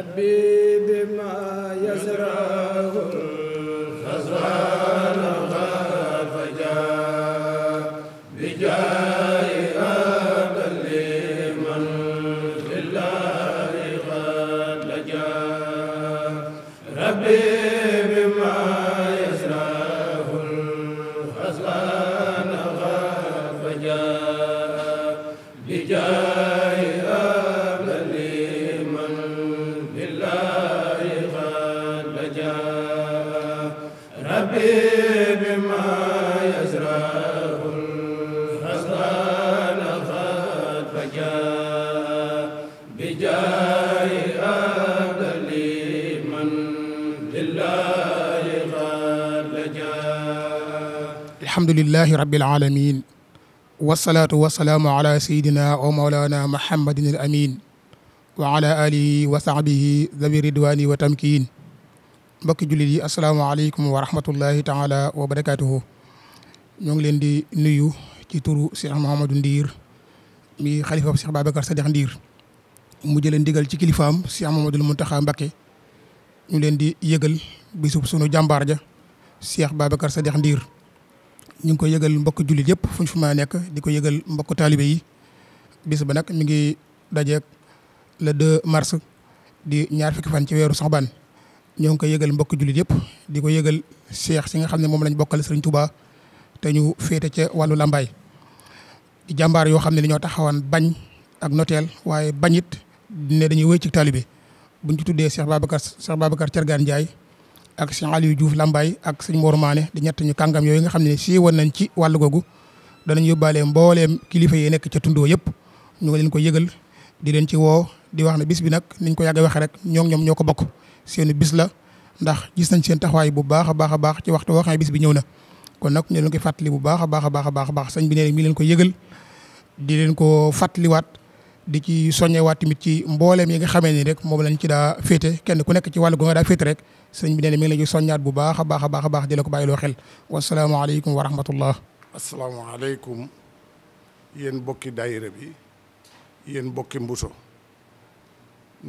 ربي بما يزرعه alhamdulilahi rabbil alamin wasalaatu wasalaamu ala sayidina wa maulana muhammadin al amin wa ala alihi wa sahbihi dhawi ridwani wa tamkiin mbokki jullit yi asalaamaaleykum wa rahmatullahi taala wa barakatuhu ñoo ngi leen di nuyu ci turu Cheikh Mouhamadou Ndiir mi xalifa Cheikh Babacar Sadikh Ndiir mu jëlee ndigal ci kilifaam Cheikh Mouhamadoul Mountakha Mbacké ñu leen di yëgal bisub sunu jàmbaar ja Cheikh sa Sadikh Ndiir ñu ngi koy yëgal mbokk jullit yëpp fu ñu fu maa nekk di ko yëgal mbokk taalibe yi bis ba nag mi ngi dajeek le 2 mars di ñaar fukki fan ci weeru sax ban ñoo ngi koy yëgal mbokk jullit yëpp di ko yëgal Cheikh si nga xam ne moom lañ bokkal Serigne tuba te ñu féete ca wàllu làmbaay di jàmbaar yoo xam ne dañoo taxawaan bañ ak noteel waaye bañit ne dañuy wéy ci taalibe buñ ci tuddee Cheikh Babacar Cheikh Babacar Thiergane Ndiaye ak sëñ Aliou Diouf Lambaye ak sëñ Mor Mané di ñett ñu kàngam yooyu nga xam ne siiwoon nañ ci wàll googu danañ yóbbaale mbooleem kilifa yi nekk ca tundoo yëpp ñu ngi leen ko yëgal di leen ci woo di wax ne bis bi nag niñ ko yàgg waxee rek ñoo ñoom ñoo ko bokk seenu bis la ndax gis nañ seen taxawaay bu baax a baax a baax ci waxtu woo bis bi ñëw na kon nag ñu leen koy fàttali bu baax a baax a baax a baax sëñ bi nee mi leen ko yëgal di leen ko fàttaliwaat di ci soññewaat tamit ci mbooleem yi nga xamee ni rek moom lañ ci daa féete kenn ku nekk ci wàllu gu nga daa féete rek sëñ bi nee na mi ngi la ñu soññaat bu baax a baax a baax a baax di la ko bàyyiloo xel wasalaamaaleykum wa rahmatullah asalaamaaleykum yéen bokki daayira bi yéen bokki mbuso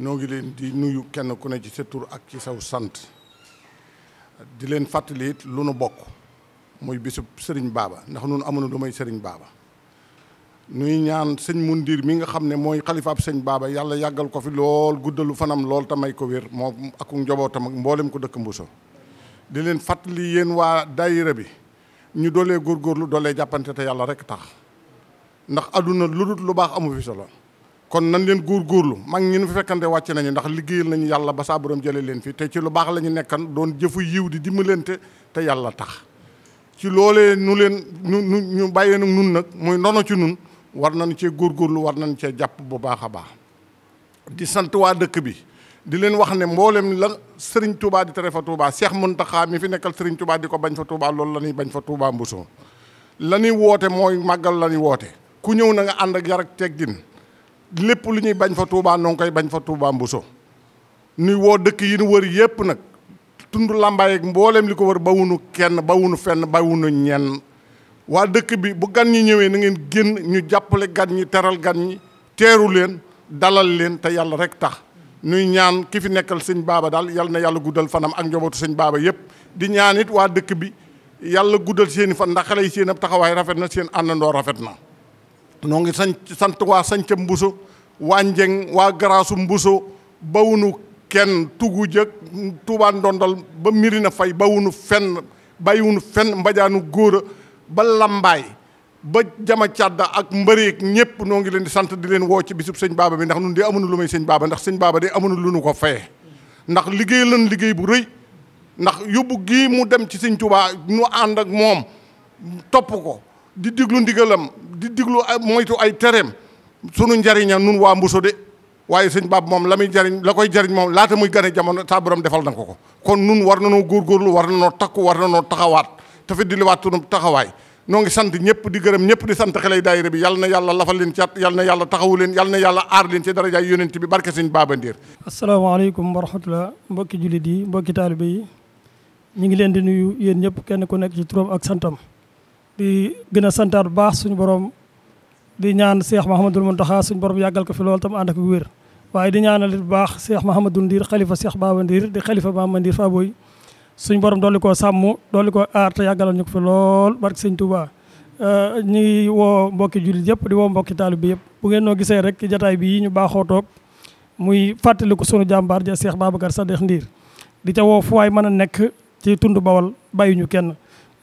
noo ngi leen di nuyu kenn ku ne ci sa tur ak ci saw sant di leen fàttali lu nu bokk muy bisub sëriñ baaba ndax nun amuñu lu may sëriñ baaba nuy ñaan sëñ Mundir mi nga xam ne mooy xalifaab sëñ Baaba yàlla yàggal ko fi lool guddalu fanam lool te may ko wér moo ak njabootam ak mboolem ko dëkk Mbuso di leen fàttali yéen waa daayira bi ñu doolee góorgóorlu doolee jàppante te yàlla rek tax ndax àdduna lu dul lu baax amu fi solo kon nan leen góor góorgóorlu mag ñi ñu fi fekkante wàcc nañu ndax liggéeyal nañu yàlla ba saa borom jëlee leen fi te ci lu baax la ñu nekkan doon jëfu yiw di dimbalante te yàlla tax ci loolee nu leen ñu bàyyee nag nag muy ndono ci nun war nañ cee góorgóorlu war nañ cee jàpp bu baax a baax di sant waa dëkk bi di leen wax ne mboolem la Serigne Touba di tere fa Touba Cheikh Mountakha mi fi nekkal Serigne Touba di ko bañ fa Touba loolu la ñuy bañ fa Touba Mbuso la woote mooy màggal la woote ku ñëw na ànd ak yar ak teggin lépp lu ñuy bañ fa Touba noo ngi bañ fa Touba Mbuso nuy woo dëkk yi nu wër yépp nag tund làmbaay ak mboolem li ko wër bawunu kenn bawunu fenn bawunu ñenn waa dëkk bi bu gan ñi ñëwee na ngeen génn ñu jàppale gan ñi teral gan ñi teeru leen dalal leen te yàlla rek tax nuy ñaan ki fi nekkal sëñ baaba daal yàlla na yàlla guddal fanam ak njobootu sëñ baaba yëpp di ñaan it waa dëkk bi yàlla guddal seeni fan ndax xale yi seen ab taxawaay rafet na seen àndandoo rafet na noo ngi sañ sant waa sanca mbuso waa njeng waa garaasu mbuso bawunu kenn tugu jëkk tuubaa ndondal ba mirina fay bawunu fenn bàyyiwunu fenn mbajaanu góora ba lambaay ba jama càdda ak mbëreeg ñëpp noo ngi leen di sant di leen woo ci bisub sëñ baaba bi ndax nun de amuñu lu may sëñ baaba ndax sëñ baaba de amuñu lu nu ko faye ndax liggéey lan liggéey bu rëy ndax yóbbu gii mu dem ci sëñ Tuubaa ñu ànd ak moom topp ko di diglu ndigalam di diglu moytu ay tereem sunu njariña nun waa Mbuso de waaye sëñ baab moom la muy njariñ la koy jariñ moom laata muy gane jamono saa defal na ko ko kon nun war nanoo góorgóorlu war nanoo takku war nanoo taxawaat te fi di liwaat tunu taxawaay noo sant ñëpp di gërëm ñëpp di sant xelay daayira bi yal na yàlla lafal leen cat yal na yàlla taxawu leen yal na yàlla aar leen ci darajaay yonent bi barke sëñ Baaba Ndiir asalaamaaleykum wa mbokki jullit yi mbokki taalibe yi ñu ngi leen di nuyu yéen ñëpp kenn ku nekk ci turam ak santam di gën a santaat bu baax suñu borom di ñaan Cheikh Mahamadul Muntaxa suñ borom yàggal ko fi lool tam ànd ak wér waaye di ñaanal baax Cheikh Mahamadul Ndiir xalifa Cheikh Baaba di xalifa Maama Ndiir Faboy suñ borom dolli ko sàmm dool koo aar te yàggalal ñu ko fi lool barke sëñ Touba euh, ñu ngi woo mbokki jullit yëpp di woo mbokki taalib bi yëpp bu ngeen noo gisee rek jataay bi ñu baaxoo toog muy fàttali ko sunu jàmbaar ja Cheikh Babacar Sadikh Ndiir di ca woo fu waay mën a nekk ci tund bawal bàyyi ñu kenn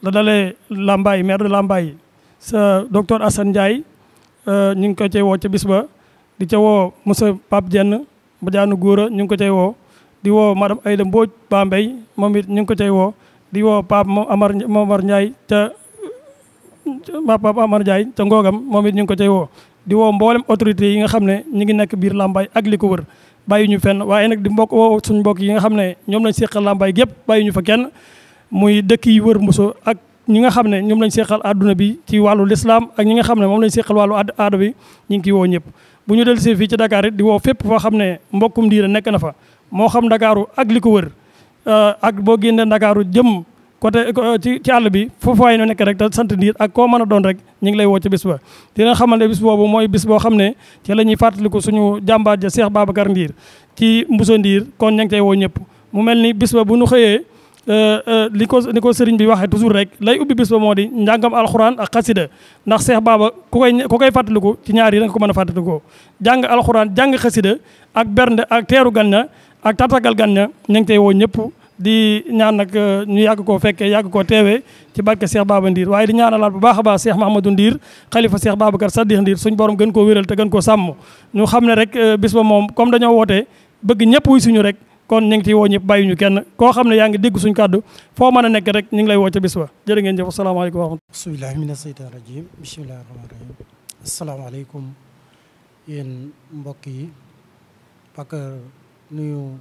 la dalee Lambaye maire de Lambaye sa docteur Assane Ndiaye euh, ñu ngi ko cay woo ca bis ba di ca woo monsieur Pape Dieng ba jaanu góora ñu ngi ko cay woo di woo madame Aïda Mbodj Bambey moom it ñu ngi ko cay woo di woo Pape Amar Momar Ndiaye ca Pape Amar Ndiaye ca Ngogam moom it ñu ngi ko cay woo di woo mboolem autorités yi nga xam ne ñu ngi nekk biir Lambaye ak li ko wër bàyyi ñu fenn waaye nag di mbokk woo suñ mbokk yi xam ne ñoom lañ seqal Lambaye gépp bàyyi ñu fa kenn muy dëkk yi wër Mbuso ak ñi nga xam ne ñoom lañ seqal àdduna bi ci wàllu lislaam ak ñi nga xam ne moom lañ seqal wàllu aada bi ñu ngi ciy woo ñëpp bu ñu dellusee fii ci dakaar it di woo fépp foo xam ne mbokkum diine nekk na fa moo xam ndakaaru ak li ko wër euh, ak boo génnee ndakaaru jëm côté ci ci àll bi foofu waay no nekk rek te sant ndiir ak koo mën a doon rek ñu ngi lay woo ci bis ba dina xamal ne bis boobu mooy bis boo xam ne ci la ñuy fàttaliku suñu jàmbaar ja baaba Babacar Ndiir ci Mbuso Ndiir kon ña ngi cay woo ñëpp mu mel ni bis bu nu xëyee euh, euh, li ko li ko sëriñ bi waxee toujours rek lay ubbi bis moo di njàngam alxuraan ak xasida ndax seex baaba ku koy ku koy fàttaliku ci ñaar yi da nga ko mën a fàttalikoo jàng alxuraan jàng xasida ak bernde teeru gan ak tàttagal gan ña ñu ngi tey woo ñëpp di ñaan nag euh, ñu yàgg koo fekkee yàgg koo teewee ci barke Cheikh Baba Ndiir waaye di ñaanalaat bu baax a baax Cheikh Mahamadou Ndiir xalifa Cheikh Babacar Sadikh Ndiir suñ borom gën koo wéral te gën koo sàmm ñu xam ne rek euh, bis ba moom comme dañoo wootee bëgg ñëpp wuy suñu rek kon ñu ngi ciy woo ñëpp bàyyiñu kenn koo xam ne yaa ngi dégg suñu kàddu foo mën a nekk rek ñu ngi lay woo ca bis ba jërë ngeen jëf asalaamaaleykum wa rahmatulah bismillahi mina seytaan rajim bismillahi rahmaan yi nuyu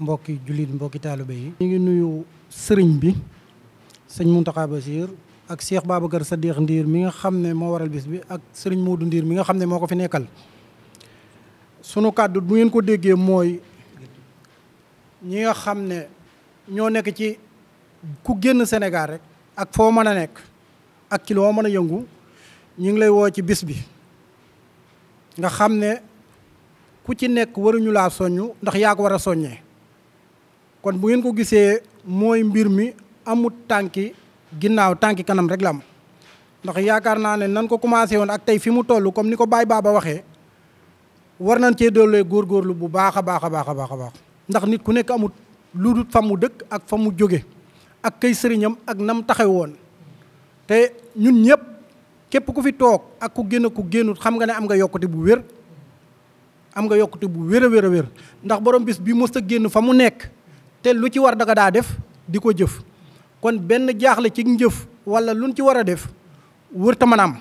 mbokki jullit mbokki taalibe yi ñu ngi nuyu sëriñ bi sëñ Mountakha Bassir ak Cheikh Babacar Sadikh Ndiir mi nga xam ne moo waral bis bi ak sëriñ Modou Ndiir mi nga xam ne moo ko fi nekkal sunu kàddu bu ngeen ko déggee mooy ñi nga xam ne ñoo nekk ci ku génn senegal rek ak foo mën a nekk ak ci loo mën a yëngu ñu ngi lay woo ci bis bi nga xam ne ku ci nekk waruñu laa soññ ndax yaa ko war a soññee kon bu ngeen ko gisee mooy mbir mi amut tànki ginnaaw tànki kanam rek la am ndax yaakaar naa ne nan ko commencé woon ak tey fi mu toll comme ni ko Baye Baba waxee war nañ cee doolee góorlu bu baax a baax a baax a baax a baax ndax nit ku nekk amut lu dul fa mu dëkk ak fa mu jóge ak kay sëriñam ak nam taxaw woon te ñun ñëpp képp ku fi toog ak ku génn ku génnut xam nga ne am nga yokkute bu wér am nga yokkute bu wér a wér a wér ndax borom bis bi mës a génn fa mu nekk te lu ci war da nga daa def di ko jëf kon benn jaaxle ci njëf wala luñ ci war a def wër ta mën a am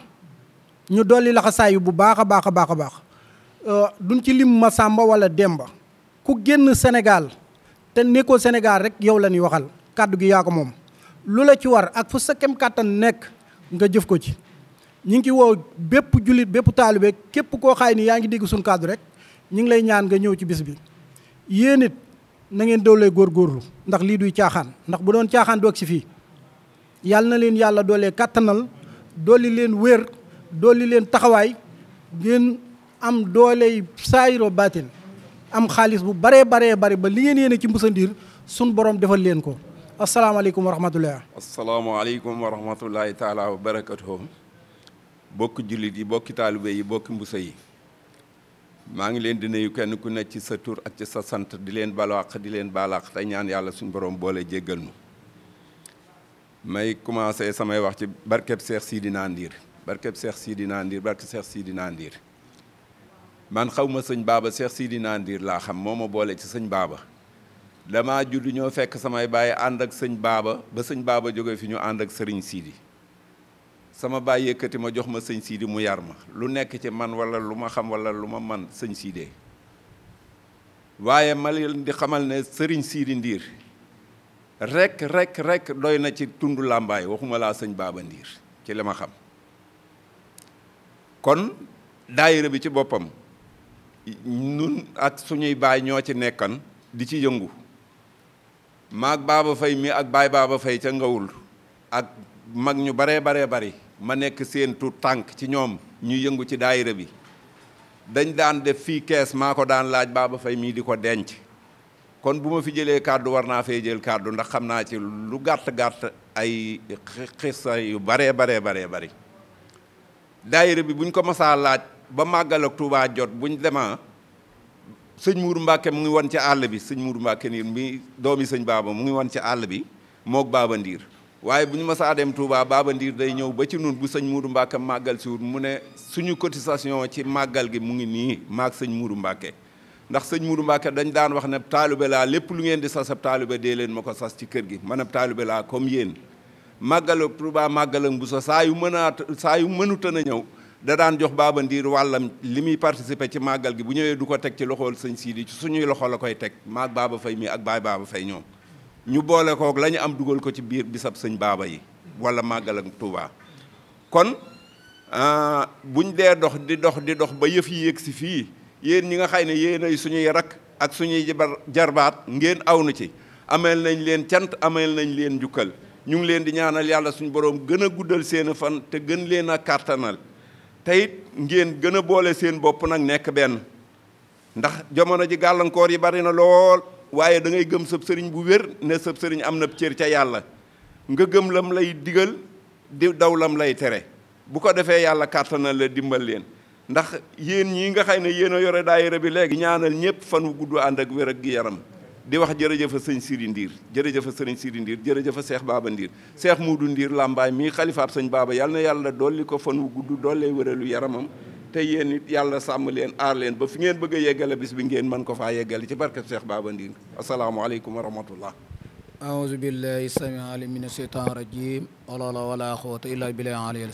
ñu bu baax a baax a baax a baax euh, duñ ci lim ma wala demba ku génn Sénégal te nekkoo Sénégal rek yow la ñuy waxal kàddu gi yaa ko moom lu la ci war ak fu sa kem kàttan nekk nga jëf ko ci ñu ngi ci woo bépp jullit bépp taalibe képp koo xaay ni yaa ngi dégg suñu kàddu rek ñu ngi lay ñaan nga ñëw ci bis bi yéen it na ngeen góor góorlu ndax lii duy caaxaan ndax bu doon caaxaan du ak si fii yàlla na leen yàlla doolee kàttanal dooli leen wér dooli leen taxawaay ngeen am dooley saayiro baatin am xaalis bu baree bare bare ba li ngeen yéene ci mbusandiir sun borom defal leen ko asalaamaaleykum wa rahmatulah. asalaamaaleykum wa rahmatulahi taala wa barakatuhu bokki jullit yi bokki taalibe yi bokki mbusa yi. maa ngi leen di nuyu kenn ku ne ci sa tur ak ci sa sant di leen balaax di leen balaax tey ñaan yàlla suñu borom boole jéggal nu may commencé samay wax ci barkeb Seex Sidina Ndiir barkeb Seex Sidina Ndiir barkeb Seex Sidina Ndiir man xaw ma sëñ baaba Seex Sidina Ndiir laa xam moo ma boole ci sëñ baaba damaa judd ñoo fekk samay baay ànd ak sëñ baaba ba sëñ baaba jóge fi ñu ànd ak sëriñ Sidi sama baay yëkkati ma jox ma sëñ siidi mu yar ma lu nekk ci man wala lu ma xam wala lu ma man sëñ Sidi waaye ma leen di xamal ne sëriñ Sidi Ndiir rekk rekk rekk doy na ci tund làmbaay waxuma laa sëñ Baaba Ndiir ci li ma xam kon daayira bi ci boppam nun ak suñuy baay ñoo ci nekkan di ci yëngu maak Baaba Fay mi ak baay Baaba Fay ca ngawul ak mag ñu baree baree bari ma nekk seen tu tànk ci ñoom ñu yëngu ci daayira bi dañ daan def fii kees maa ko daan laaj baaba fay mii di ko denc kon bu ma fi jëlee kàddu war naa fee jël kàddu ndax xam naa ci lu gàtt gàtt ay xisa yu baree baree baree bari daayira bi buñ ko masaa laaj ba màggal ak Tuubaa jot buñ demaa sëñ Muuru Mbàkke mu ngi wan ci àll bi sëñ Muuru Mbàkke niir mi doomi sëñ baaba mu ngi won ci àll bi moog baaba ndiir waaye bu ñu mës a dem Touba baabandiir day ñëw ba ci nun bu sëñ Mourou Mbacke màggal si wut mu ne suñu cotisation ci màggal gi mu ngi nii maag sëñ Mourou Mbacke ndax sëñ Mourou Mbacke dañ daan wax ne taalibe laa lépp lu ngeen di sasab taalibe dee leen ma ko sas ci kër gi man ab taalibe laa comme yéen màggalu Touba màggalam bu sa saa yu mën a saa yu mënuta na ñëw da daan jox Baba Ndiir wàllam li muy participer ci màggal gi bu ñëwee du ko teg ci loxool sëñ Sidi ci suñuy loxo la koy teg maag Baba Fay mi ak baay Baba Fay ñoom ñu boole kook lañu am dugal ko ci biir bisab sëñ baaba yi wala màggal ak Tuuba kon ah, buñ dee dox di dox di dox ba yëf yi si fii yéen ñi nga xay ne yéen ay suñuy rak ak suñuy jarbaat ngeen aw na ci ameel nañ leen cant ameel nañ leen njukkal ñu ngi leen di ñaanal yàlla suñu boroom gën a guddal seen fan te gën leen a kàttanal te ngeen gën a boole seen bopp nag nekk benn ndax jamono ji gàllankoor yi bari na lool waaye da ngay gëm sab sëriñ bu wér ne sab sëriñ am na cër ca yàlla nga gëm lam lay digal di daw lam lay tere bu ko defee yàlla kàttanal la dimbal leen ndax yéen ñii nga xay ne yéen a yore daayira bi léegi ñaanal ñëpp fan wu gudd ànd ak wér ak yaram di wax jërëjëfa sëñ Siri Ndiir jërëjëfa sëriñ Siri Ndiir jërëjëfa seex Baba Ndiir Cheikh Muudu Ndiir Lambaay mii xalifaab sëñ Baba yàlla na yàlla dolli ko fan wu gudd doolee wéralu yaramam tey yéen yàlla sàmm leen aar leen ba fi ngeen bëgg a yeggale bis bi ngeen man ko faa yeggale ci barkeb Cheikh Baba Ndingue asalaamaaleykum wa rahmatullah aouzu billahi sami alim min asheytan rajim wala wala quwata illa billahi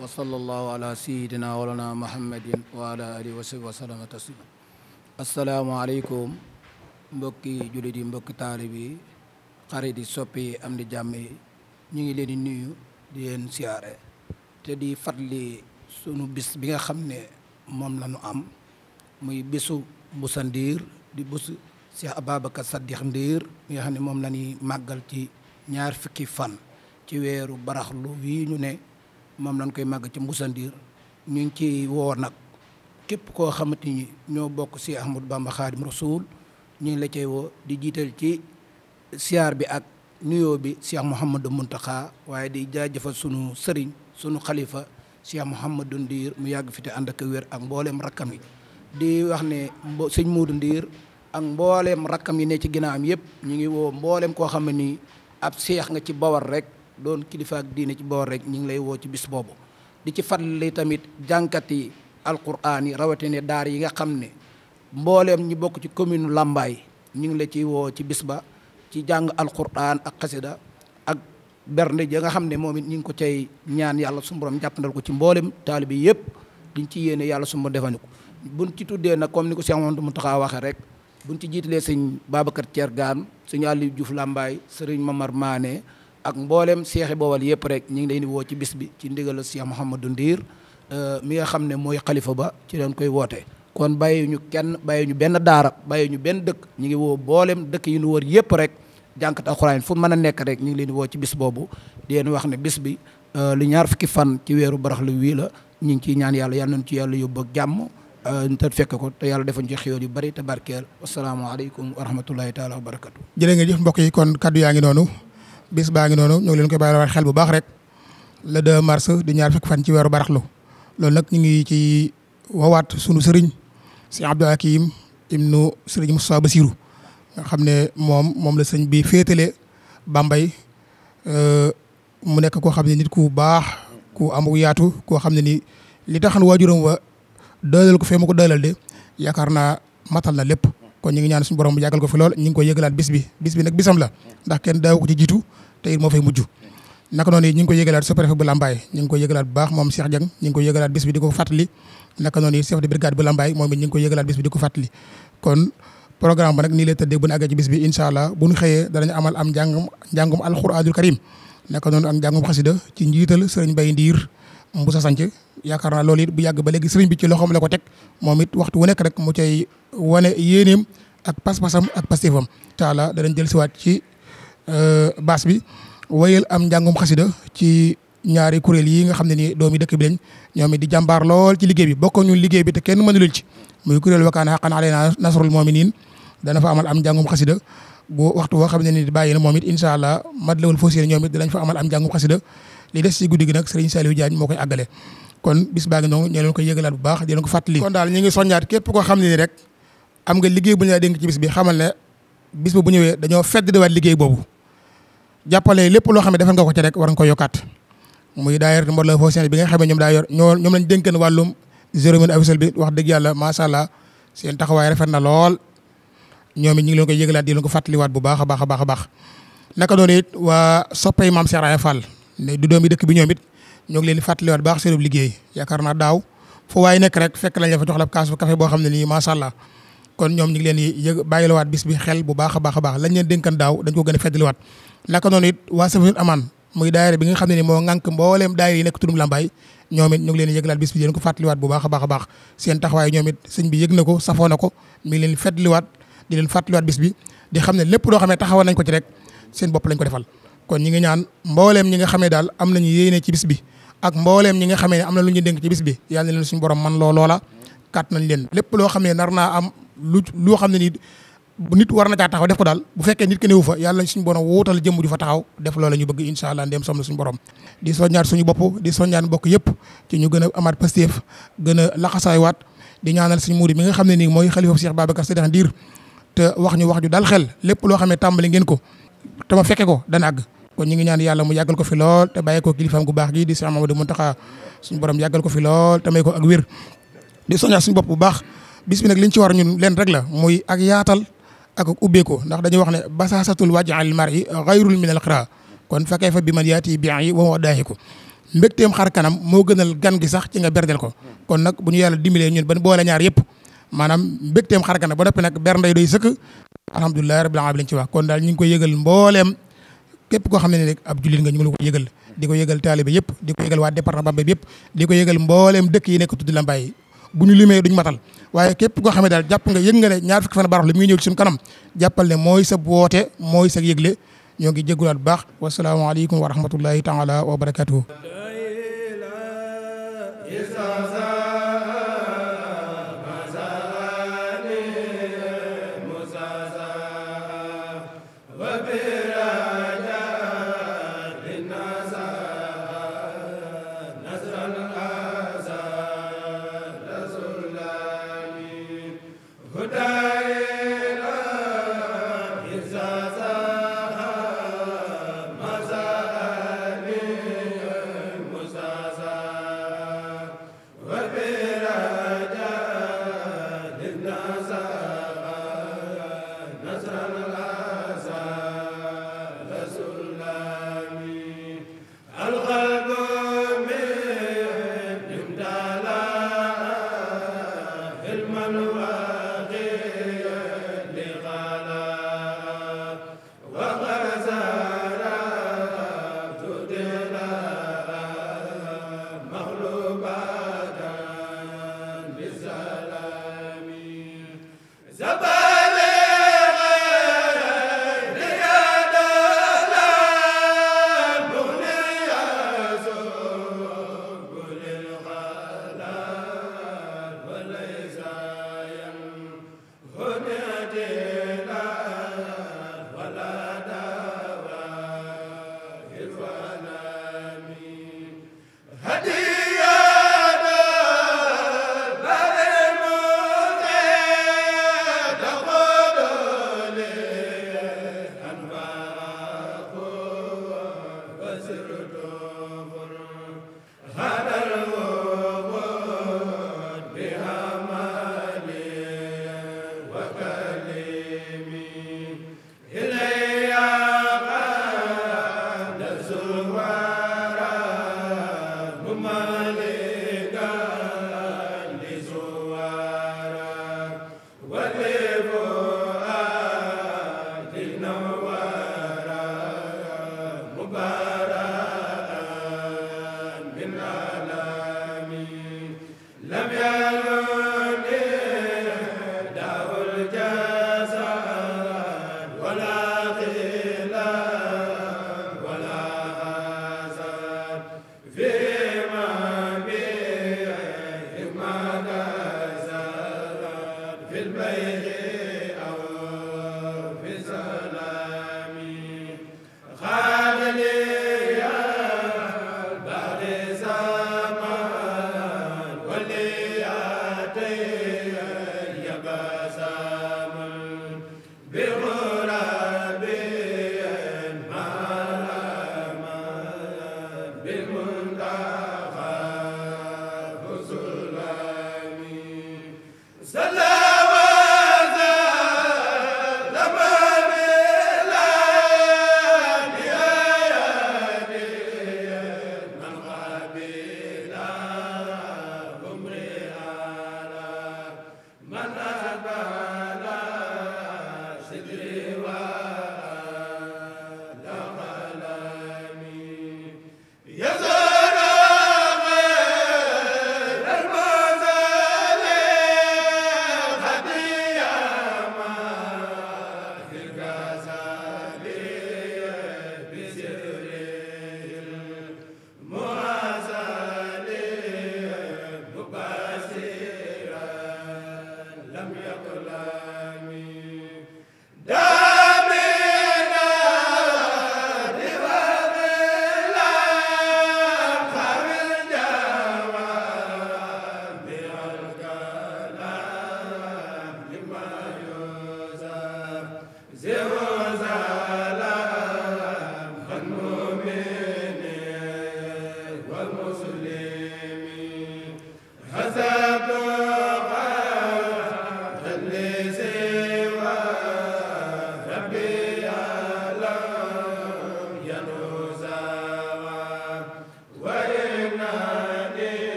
wa sallallahu ala wa ala wa sahbihi wa sallama taslima asalaamaaleykum mbokki jullit yi mbokki taalib yi xarit soppi am di jàmm ñu ngi leen di nuyu di leen siyaare te di fàttali sunu bis bi nga xam ne moom la am muy bisu Boussa Ndir di bus Cheikh Ababacar Sadikh nga xam ne moom la màggal ci ñaar fukki fan ci weeru baraxlu wii ñu ne moom lañ koy màgg ci Boussa ñu ngi ci woo nag képp koo xamante ni ñoo bokk si Ahmadu Bamba Xaadim Rasuul ñu ngi la cay woo di jiital ci siyaar bi ak nuyoo bi Cheikh Mouhamadou Mountakha waaye di jaajëfal sunu sëriñ sunu xalifa Cheikh Mouhamadou Ndir mu yàgg fi te ànd ak wér ak mbooleem rakkam yi di wax ne mbo sëñ Modou Ndir ak mbooleem rakkam yi ne ci ginnaawam yëpp ñu ngi woo mbooleem koo xam ne nii ab seex nga ci bawar rek doon kilifa ak diine ci bawar rek ñu ngi lay woo ci bis boobu di ci fàttali tamit jànkat yi alquraan yi rawatina daar yi nga xam ne mbooleem ñi bokk ci commune làmbaay ñu ngi la ciy woo ci bis ba ci jàng alquraan ak xasida bernde ja nga xam ne moom it ñu ngi ko cay ñaan yàlla suñu borom jàppandal ko ci mboolem taalibe yëpp diñ ci yéene yàlla suñu borom defandi ko buñ ci tuddee na comme ni ko Cheikh mu Mountakha waxee rek buñ ci jiitalee sëñ Babacar Thier Gaan sëñ Aliou Diouf Lambaay sëriñ Mamar Maane ak mboolem seexi boowal yëpp rek ñu ngi leen di woo ci bis bi ci ndigal Cheikh Mouhamadou Ndiir euh, mi nga xam ne mooy xalifa ba ci leen koy wootee kon bàyyi ñu kenn bàyyi ñu benn daara bàyyi ñu benn dëkk ñu ngi woo mboolem dëkk yi ñu wër yëpp rek a alxuraan fu mën a nekk rek ñu ngi leen woo ci bis boobu di leen wax ne bis bi euh, lu ñaar fukki fan ci weeru barax lu wii la ñu ngi ciy ñaan yàlla yal nañu ci yàlla yóbbu ak jàmm euh, te fekk ko te yàlla defañ ci xéwal yu bari te barkeel asalaamaaleykum wa rahmatullahi taala wa barakatu jërë nga jëf mbokk yi kon kaddu yaa ngi noonu bis baa ngi noonu ñoo leen koy bàyyi waat xel bu baax rek le 2 mars di ñaar fukki fan ci weeru baraxlu loolu nag ñu ngi ci wawaat sunu sëriñ si Abdou Hakim ibnu sëriñ Moussa Basirou nga xam ne moom moom la sëñ bi ba Bambey euh, mu nekk koo xam ne nit ku baax ku amuk yaatu koo xam ne ni li taxan waajuram wa doolal ko fee mu ko doolal de naa na lépp kon ñu ngi ñaan suñu borom bu yàggal ko fi lool ñu ngi koy yëgalaat bis bi bis bi nag bisam la ndax kenn daaw ko ci te it moo fay mujj naka noonu it ñu ngi koy yëgalaat sous-préfet bu Lambaye ñu ngi koy yëgalaat bu baax moom Cheikh Dieng ñu koy yëgalaat bis di ko fàttali naka noonu it chef de brigade bu Lambaye moom it ñu koy yëgalaat bis di ko fàttali kon programme ba ni nii lay tëddee bu ñu àggee ci bis bi incha allah bu ñu xëyee danañ amal am njàngum njàngum alxuraanul karim naka noonu ak njàngum xasida ci njiital sëriñ Bay Ndiir Mbusa Sanc yaakaar naa lool it bu yàgg ba léegi sëriñ bi ci loxoom la ko teg moom it waxtu wu nekk rek mu cay wane yéeneem ak pas-pasam ak pastéefam taala danañ jël siwaat ci euh, baas bi wayal am njàngum xasida ci ñaari kuréel yi nga xam ne ni doomi dëkk bi lañ ñoom it di jàmbaar lool ci liggéey bi bokko ñu liggéey bi te kenn mënu leen ci muy kuréel wakaana xaqan aleyna nasrul mu'minin dana fa amal am njàngum xasida bu waxtu woo xam ne ni bàyyi na moom it incha allah Matlabul Fawzayni ñoom it danañ fa amal am njàngum xasida li des ci guddi gi nag baa ko yëgalaat bu baax di leen ko fàttali kon daal am nga liggéey bu ñu la dénk ci bis liggéey boobu jàppale lépp loo xam ne defal nga ko ci war nga ko yokkaat muy daayir Matlabul nga xam ne ñoom daa yor ñoo ñoom lañ dénkan wàllum zéro minute officiel bi wax dëgg yàlla macha allah seen taxawaay rafet na lool ñoom ñu ngi leen koy yëgalaat di leen ko fàttaliwaat bu baax a a baax a baax naka dëkk bi ñoom it ngi leen di fàttaliwaat baax seenub liggéey yaakaar naa daaw boo xam ne nii macha allah kon ñoom ñu ngi leen di yëg bàyyilawaat bis xel bu baax a baax a baax lañ leen dénkan daaw dañ ko gën a feddaliwaat naka noonu it waa Safinul Aman muy daayira bi nga xam ne moo ŋànk mbooleem daayira yi nekk turum Lambaay ñoom it ñu ngi leen di yëgalaat bis bi di leen ko fàttaliwaat bu a ko safoo na ko mi ngi leen di fàttaliwaat di leen fàttaliwaat bis bi di xam ne lépp loo xam ne taxawoon nañ ko ci rek seen bopp lañ ko defal kon ñi ngi ñaan mbooleem ñi nga xamee daal am nañu yéene ci bis bi ak mbooleem ñi nga xamee ne am na lu ñu dénk ci bis bi yàlla na leen suñu borom man loo loola kat nañ leen lépp loo xam ne nar naa am lu loo xam ne nii nit war na caa taxaw def ko daal bu fekkee nit ke néewu fa yàlla suñu borom wóotal jëmm ju fa taxaw def loola ñu bëgg incha allah ndéem som na suñu borom di suñu bopp di soññaat mbokk yëpp ñu gën a amaat pastéef gën a di ñaanal suñu muudi mi nga xam ne nii mooy xalifa Cheikh Babacar Sadikh Ndir te wax ñu wax ju dal xel lépp loo xam ne tàmbali ngeen ko te ma fekke ko dana àgg kon ñu ngi ñaan yàlla mu yàggal ko fi lool te bàyyi ko kilifaam gu baax gi di Sëriñ Mamadou Mountakha suñu borom yàggal ko fi lool te may ko ak wér di soññaa suñu bopp bu baax bis bi nag liñ ci war ñun leen rek la muy ak yaatal ak ubbeeko ndax dañuy wax ne basaasatul wàj al mari xayrul min al xira kon fekkee fa bi man yaati bien yi wama daaxi ko mbégteem xar kanam moo gënal gan gi sax ci nga berdel ko kon nag bu ñu yàlla dimbalee ñun ban boole ñaar maanaam mbégteem xar kanam ba noppi nag ber ndey doy sëkk la rabbil alamin lañ ci wax kon daal ñu ngi koy yëgal mbooleem képp koo xam ne ne rek ab jullit nga ñu ngi la di ko yëgal taalibe yëpp di ko yëgal waa département Bambey bi yëpp di ko yëgal mbooleem dëkk yi nekk tuddi la mbay bu ñu limee duñ matal waaye képp koo xam ne daal jàpp nga yëg nga ne ñaar fukki fan barax li mu ngi ñëw ci kanam jàppal ne mooy sa woote mooy sa yëgle ñoo ngi jégulaat baax wasalaamaaleykum wa rahmatullahi taala wa barakatuhu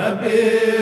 Rabbi